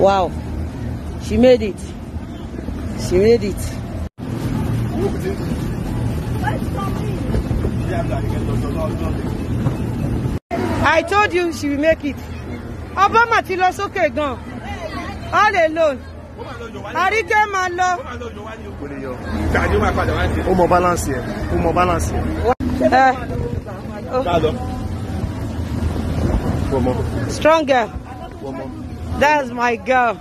Wow. She made it. She made it. I told you she will make it. Obama ti lọ sókè gan. All alone àríkẹ́ máa lọ. ó mọ balance yẹn ó mọ balance yẹn. ẹ strong girl that's my girl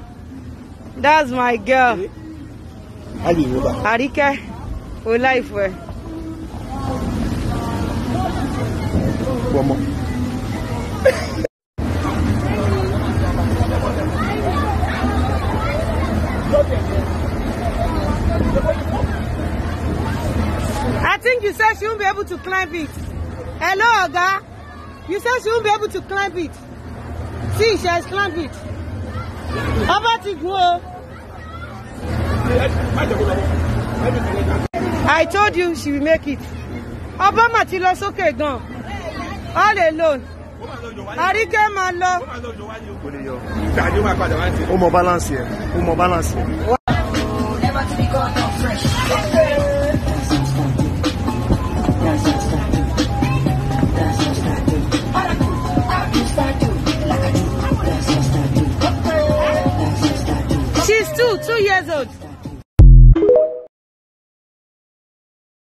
that's my girl àríkẹ́ o láìfọ ẹ. think you said she won't be able to climb it. Hello, Oga. You said she won't be able to climb it. See, she has climbed it. How about it, bro? I told you she will make it. Obama ti lọ sókè gan. All alone. Àríkẹ́ máa lọ. Ó mọ balance yẹn. Ó balance yẹn. Never to be gone, fresh. years old.